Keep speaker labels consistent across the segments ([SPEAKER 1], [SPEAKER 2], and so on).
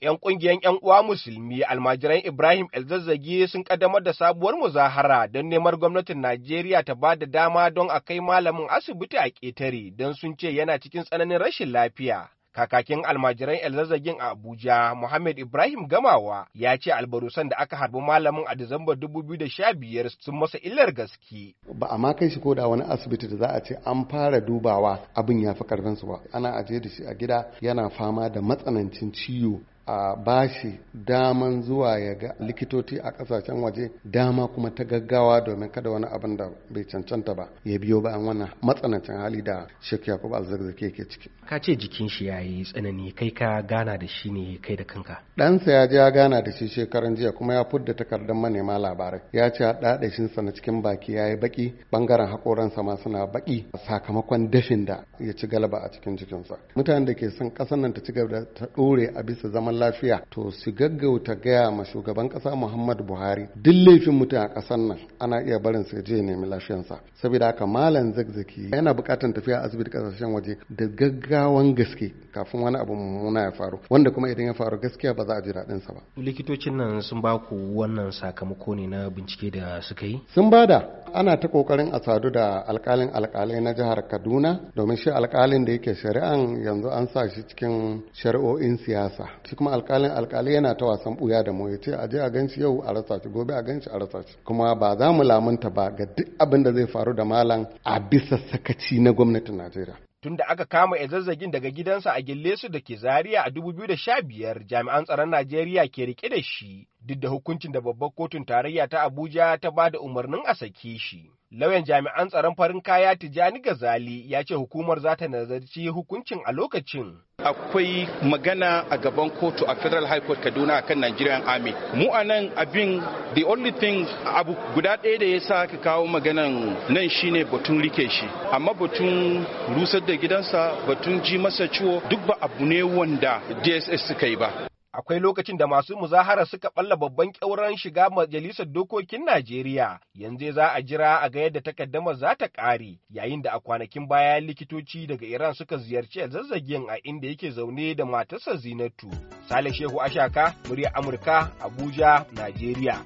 [SPEAKER 1] ‘Yan ƙungiyar ‘yan uwa musulmi almajiran Ibrahim Elzazzagi sun ƙaddamar da sabuwar muzahara don neman gwamnatin Najeriya ta ba da dama don a kai malamin asibiti a ƙetare don sun ce yana cikin tsananin rashin lafiya. kakakin almajiran elzazzagin a Abuja, Muhammad Ibrahim Gamawa, ya ce albarusan da aka harbi malamin a Disamba 2015 sun masa illar gaske.
[SPEAKER 2] Ba a ma kai shi ko da wani asibiti da za a ce an fara dubawa abin ya fi karfinsu ba. Ana ajiye da shi a gida yana fama da matsanancin ciwo a bashi daman zuwa ya ga likitoci a kasashen waje dama kuma ta gaggawa domin kada wani abin da bai cancanta ba ya biyo bayan wannan matsanancin hali da Sheikh Yakub Alzarzaki yake ciki.
[SPEAKER 1] Ka ce jikin shi ya yi tsanani kai ka gana da shi ne kai da kanka.
[SPEAKER 2] Ɗansa ya je ya gana da shi shekaran jiya kuma ya fudda takardar manema labarai ya ce a haɗaɗashinsa na cikin baki ya yi baki bangaren haƙoransa ma suna baki sakamakon dashin da ya ci galaba a cikin jikinsa. Mutanen da ke son ƙasar nan ta ci gaba da ta ɗore a bisa zaman lafiya to su gaggauta gaya ma shugaban kasa Muhammadu Buhari duk laifin mutum a kasar nan ana iya barin su je nemi lafiyansa saboda haka malam zagzaki yana bukatan tafiya asibiti kasashen waje da gaggawan gaske kafin wani abu mummuna ya faru wanda kuma idan ya faru gaskiya ba za a ji daɗin sa ba
[SPEAKER 1] likitocin nan sun ba ku wannan sakamako ne na bincike da suka yi sun
[SPEAKER 2] bada ana ta kokarin a sadu da alkalin alkalai na jihar Kaduna domin shi alkalin da yake shari'an yanzu an sa shi cikin shari'o'in siyasa shi kuma alkalin alkali yana ta wasan buya da mu ya ce aje a ganci yau a rasa shi gobe a ganci a rasa shi kuma ba za mu lamunta ba ga duk abin da zai faru da malam a bisa sakaci na gwamnatin Najeriya
[SPEAKER 1] tunda aka kama zazzagin daga gidansa a gille su da ke Zaria a 2015 jami'an tsaron Najeriya ke rike da shi duk da hukuncin da babbar kotun tarayya ta Abuja ta ba da umarnin a sake shi. Lauyan jami'an tsaron farin kaya Tijjani Gazali ya ce hukumar za ta nazarci hukuncin a lokacin.
[SPEAKER 3] Akwai magana a gaban kotu a Federal High Court Kaduna akan Nigerian Army. Mu a nan abin the only thing abu guda ɗaya da ya sa ka kawo maganan nan shine batun rike shi. Amma batun rusar da gidansa batun ji masa ciwo duk ba abu ne wanda DSS suka yi ba.
[SPEAKER 1] akwai lokacin da masu muzahara suka balla babban ƙyauren shiga majalisar dokokin Najeriya yanzu za a jira a ga yadda takaddamar za ta ƙare yayin da a kwanakin baya likitoci daga Iran suka ziyarci zazzagin a inda yake zaune da matarsa Zinatu. Sale Shehu Ashaka, murya Amurka, Abuja, Najeriya.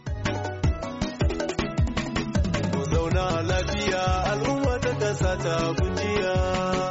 [SPEAKER 3] Zauna lafiya al'umma ta kasa kujiya.